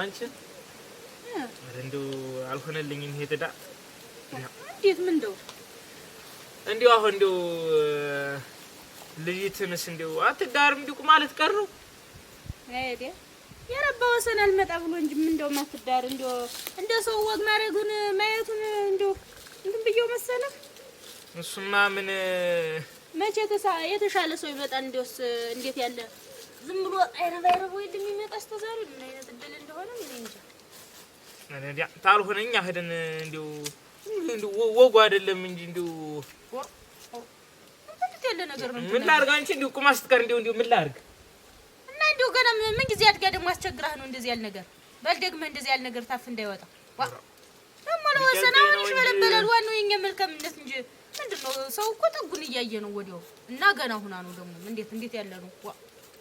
አንቺን እንደው አልሆነልኝም። ይሄ ትዳር እንዴት ምን እንደው እንዲሁ አሁን እንደው ልጅትንስ እንደው አትዳርም እንዲሁ ማለት ቀር ነው የረባ ወሰን አልመጣ ብሎ እንጂ ምን እንደው ማትዳር እንደው እንደ ሰው ወግ ማድረጉን ማየቱን እንደው እንትን ብየው መሰለህ። እሱማ ምን መቼ የተሻለ ሰው ይመጣል? እንዲያውስ እንዴት ያለ ዝም ብሎ አይረባ አይረባ ወይ እንደሚመጣ እስከዛሬ ምን አይነት እድል እንደሆነ ምን እንጃ። ታልሆነኛ ሄደን እንዲሁ ወጉ አይደለም እንጂ እንዲሁ ምን ላድርግ? አንቺ እንዲሁ ቁማ ስትቀር እንዲሁ እንዲሁ ምን ላድርግ? እና እንዲሁ ገና ምን ጊዜ አድጋ ደግሞ አስቸግራህ ነው እንደዚህ ያለ ነገር በል ደግመህ እንደዚህ ያለ ነገር ታፍ እንዳይወጣ ደግሞ ለወሰን አሁን ይሽበለበላል። ዋናው የኛ መልካምነት እንጂ ምንድን ነው ሰው እኮ ጠጉን እያየ ነው ወዲያው እና ገና ሁና ነው ደግሞ እንዴት እንዴት ያለ ነው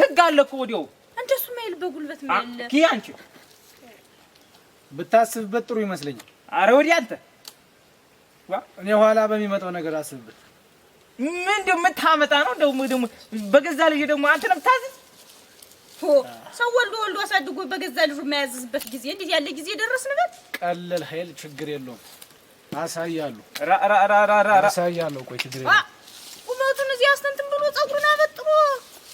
ህግ አለ እኮ ወዲያው። እንደሱ ማይል በጉልበት ማይል ኪያ፣ አንቺ ብታስብበት ጥሩ ይመስለኛል። አረ ወዲያ አንተ እኔ ኋላ በሚመጣው ነገር አስብበት። ምን እንደው የምታመጣ ነው? እንደው በገዛ ልጅ ደግሞ አንተ ነው የምታዝዝ? ሰው ወልዶ ወልዶ አሳድጎ በገዛ ልጁ የማያዝዝበት ጊዜ እንዴት ያለ ጊዜ ደረስንበት። ቀለል ኃይል ችግር የለውም አሳያለሁ፣ አሳያለሁ። ቆይ ችግር የለውም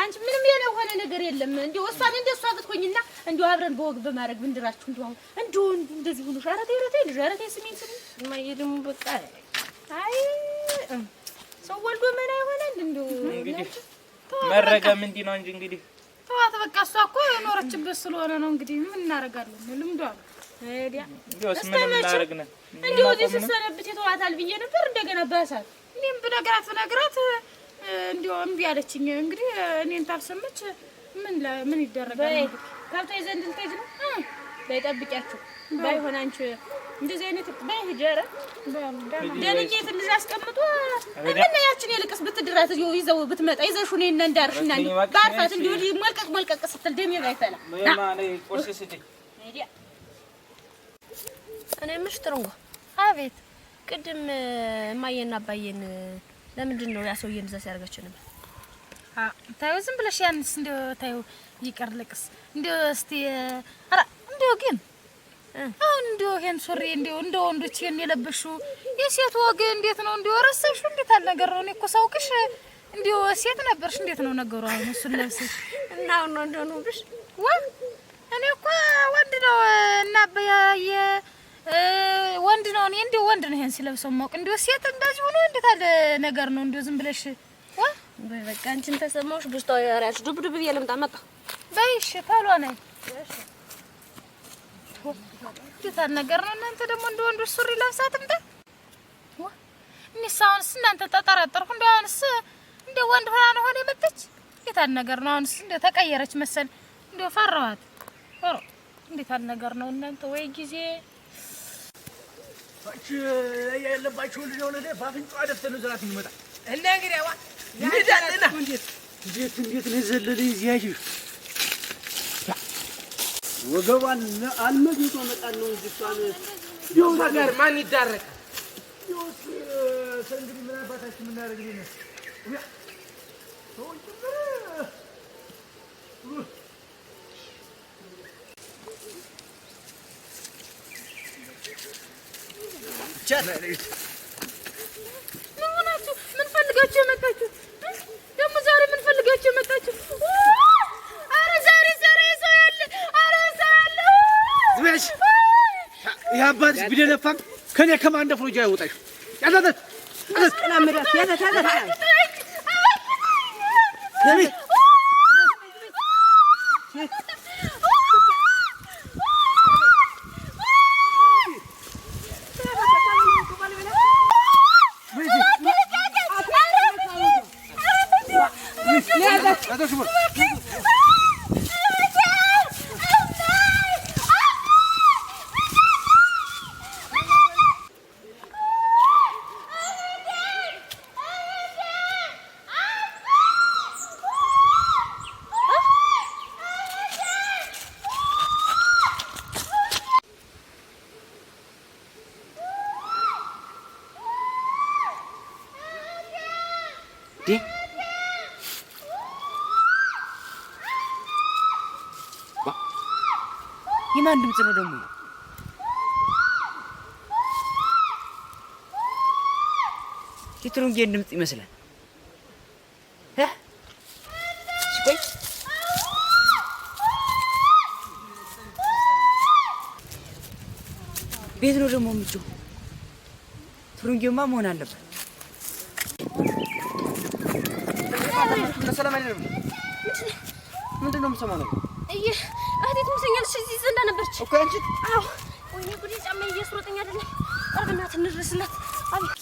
አንቺ ምንም የሆነ ነገር የለም። እንደው እሷን እንደ እሷ ብትሆኝና እንደው አብረን በወግ በማድረግ ብንድራችሁ እንደው አሁን እንደው እንደዚህ ሆኖ ሻረቴ ረቴ ልጅ ስሚኝ ስሚኝ እማዬ ደግሞ በቃ አይ ሰው ወልዶ መና ይሆናል እንደው እንግዲህ መረገም እንዲህ ነው እንጂ እንግዲህ ተዋት በቃ። እሷ እኮ የኖረችበት ስለሆነ ነው እንግዲህ ምን እናደርጋለን? ልምዷ ነው። ታዲያ እንደውስ ምን እዚህ ስትሰነብት የተዋታል ብዬ ነበር እንደገና ባሳል እኔም ብነግራት ብነግራት እንዲያው እምቢ አለችኝ። እንግዲህ እኔን ታልሰመች ምን ምን ይደረጋል? ካብታ የዘንድ ልትሄጂ ነው? ባይጠብቂያችሁ ባይሆን አንቺ እንደዚህ አይነት በይ ሂጅ። ኧረ ደንዬ ትንሽ አስቀምጦ ምን ያችን የልቅስ ብትድራት ይዘው ብትመጣ ይዘሽው እኔ እና እንዳርሽና ባርፋት እንዲሁ ሞልቀቅ መልቀቅ ስትል ደሜ ባይፈላ እኔ የምልሽ ጥሩ እንኳ አቤት ቅድም እማዬና አባዬን ለምንድን ነው ያ ሰውዬ እንደዛ ሲያደርጋችሁ ነበር? ታዩ ዝም ብለሽ ያንስ እንደው ታዩ ይቀር ልቅስ እንደው እስቲ አራ እንደው ግን አሁን እንደው ይሄን ሱሪ እንደው እንደ ወንዶች ይሄን የለበሽው የሴት ወግ እንዴት ነው? እንደው ረሳሽው? እንዴት አለ አልነገረው? እኔ እኮ ሳውቅሽ እንደው ሴት ነበርሽ። እንዴት ነው ነገሩ? አሁን እሱን ለብሰሽ እና አሁን ነው እንደው ነው ብሽ ወ እኔ እኮ ወንድ ነው እና በያየ ወንድ ነው። እኔ እንደው ወንድ ነው ይሄን ሲለብሰው ማውቅ እንደው ሴት እንደዚህ ሆኖ እንዴት አለ ነገር ነው እንደው ዝም ብለሽ በቃ አንቺን ተሰማሁሽ። ብዙ ያራሽ ዱብ ዱብ ብዬሽ ልምጣ መጣ በይሽ ታሏ ነኝ ጌታ ነገር ነው። እናንተ ደግሞ እንደ ወንድ ሱሪ ለብሳ ትምጣ። እኔስ አሁንስ እናንተ ተጠራጠርኩ። እንደ አሁንስ እንደ ወንድ ሆና ነው ሆነ የመጣች ጌታ ነገር ነው። አሁንስ እንደ ተቀየረች መሰል እንደ ፈራኋት። ኧረ እንዴት አለ ነገር ነው እናንተ ወይ ጊዜ ታች ያለባቸው ልጅ ሆነ ደፋ አፍንጫ ደፍተን ዘራት ይመጣ እና እንግዲህ አዋ ይዳልና እንዴት እንዴት ነው ዘለለ ይያሽ ወገቧን አልመግጦ መጣን ነው እንጂ እሷን ይሁን ነገር ማን ይዳረቃል? ይሁን ምን አባታችን ምን ያደርግልኝ ነው ምን ሆናችሁ? ምን ፈልጋችሁ የመጣችሁ? ደግሞ ዛሬ ምን ፈልጋችሁ የመጣችሁ? ኧረ ዛሬ ዛሬ ሰው ያለ ኧረ ሰው ያለ ዝበሽ ይህ ቢደነፋም ከኔ ከማንደፍ ነው እጅ አይወጣሽም። ያዛዘት ያዛት ያዛት የማን ድምፅ ነው ደግሞ? የትሩንጌን ድምፅ ይመስላል። ቆይ ቤት ነው ደግሞ የምትጮህ? ትሩንጌማ መሆን አለበት። ምንድን ነው የምሰማው ነው እንዴት ወሰኛልሽ? እዚህ ዘንዳ ነበርች እኮ አንቺ። አዎ፣ ወይኔ ጉዴ! ጫማዬ እያስሮጠኝ አይደለም። ቀርብና ትንድረስላት። አቤት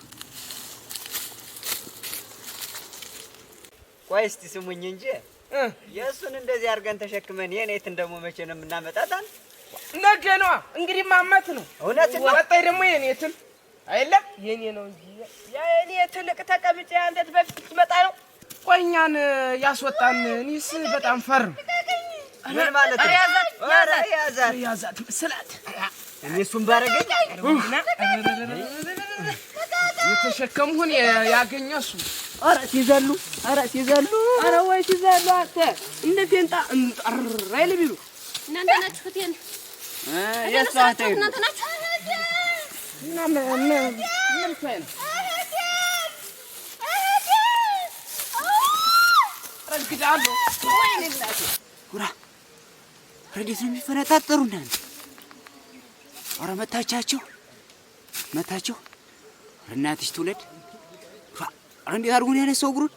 ቆይ እስቲ ስሙኝ እንጂ የእሱን እንደዚህ አድርገን ተሸክመን የኔ የትን ደግሞ መቼ ነው የምናመጣት? ነገ ነዋ። እንግዲህ ማመት ነው እውነት ነው። ወጣይ ደግሞ የኔ የትን አይለም የኔ ነው እንጂ የኔ የትን ዕቅ ተቀምጬ አንተት በፊት ትመጣ ነው። ቆይ እኛን ያስወጣን። እኔስ በጣም ፈር ምን ማለት ነው? ያዛት ያዛት ስላት እኔ እሱን ባረገኝ የተሸከምሁን ያገኘ እሱ አረ ሲዘሉ ኧረ ሲዘሉ ኧረ ወይ ሲዘሉ አንተ እንደ ፌንጣ እንጠራ ይል ቢሉ እንዴት ነው የሚፈነጣጠሩ እናንተ? ኧረ መታቻቸው መታቸው እናትሽ ትውለድ አንድ አድርጎን ያነሳው እግሩን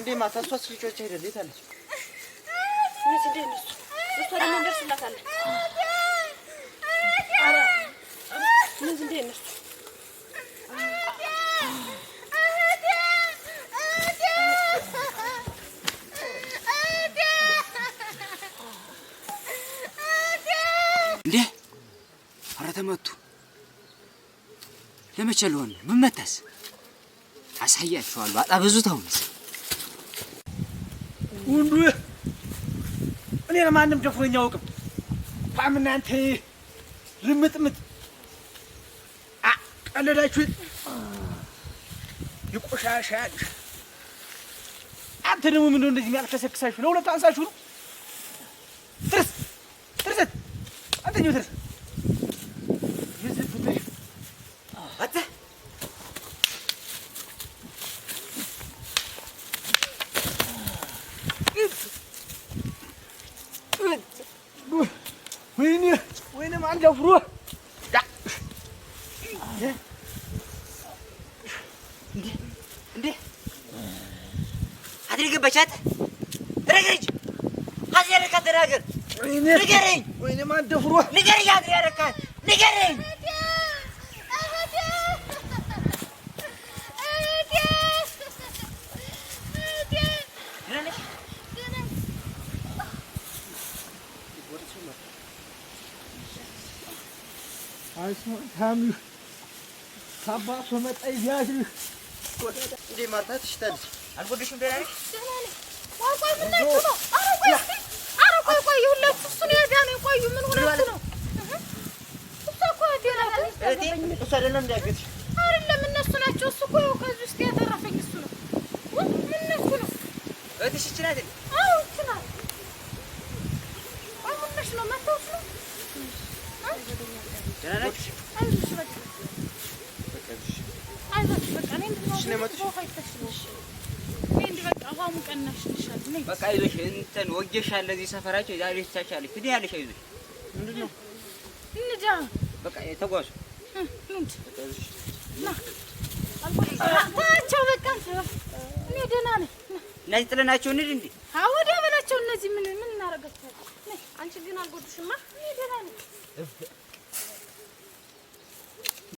እንዴ ማታ እሷስ ልጆች አይደል የት አለች? ለመቼ ልሆን ነው? ብመታስ አሳያችኋለሁ። አጣ ብዙ ታውን ወንዱ እኔ ለማንም ደፍሮኝ አውቅም። ቋም እናንተ ልምጥምጥ ቀለዳችሁ ይቆሻሻ አንተ ደግሞ ምንድን ነው እንደዚህ የሚያልከሰክሳችሁ? ለሁለቱ አንሳችሁ ነው። ትርስ ትርሰት አንተኛው ትርስ Hadi. ويني ويني ما عندي فروح እንዴ እንዴ አድርግበቻት ረግርጅ አዝ ያረካት ነገር ንገረኝ ወይኔ ማን ደፍሮ ንገረኝ አዝ ያረካት ንገረኝ Sabah Somet ay yaşlı. Di mata tişten. An bu düşün derek. Vay koy bunlar şunu. Ara koy. Ara koy koy yulla tutsun yerden koy yumun uğraşsın. Tutsa koy diyorlar. Evet, tutarılın diye git. አይደለም እነሱ ናቸው። እሱ እኮ ከዚህ ውስጥ ያተረፈኝ እሱ ነው። እነሱ ነው። እህትሽ ይችላል? አዎ ይችላል። አሁንሽ ነው መጥተው በቃ ይዞሽ እንትን ወጌሻል። ለዚህ ሰፈራቸው ዛሬ ትቻቻለሽ። ትድ ያለሽ አይዞሽ። ምንድን ነው እንጃ። በቃ ተጓዙ። ታቸው በቃ እኔ ደህና ነኝ። እነዚህ ጥለናቸው እንሂድ እንዴ? አዎ ወዲያ በላቸው። እነዚህ ምን ምን እናደርጋቸው? አንቺ ግን አልጎዱሽማ። እኔ ደህና ነኝ።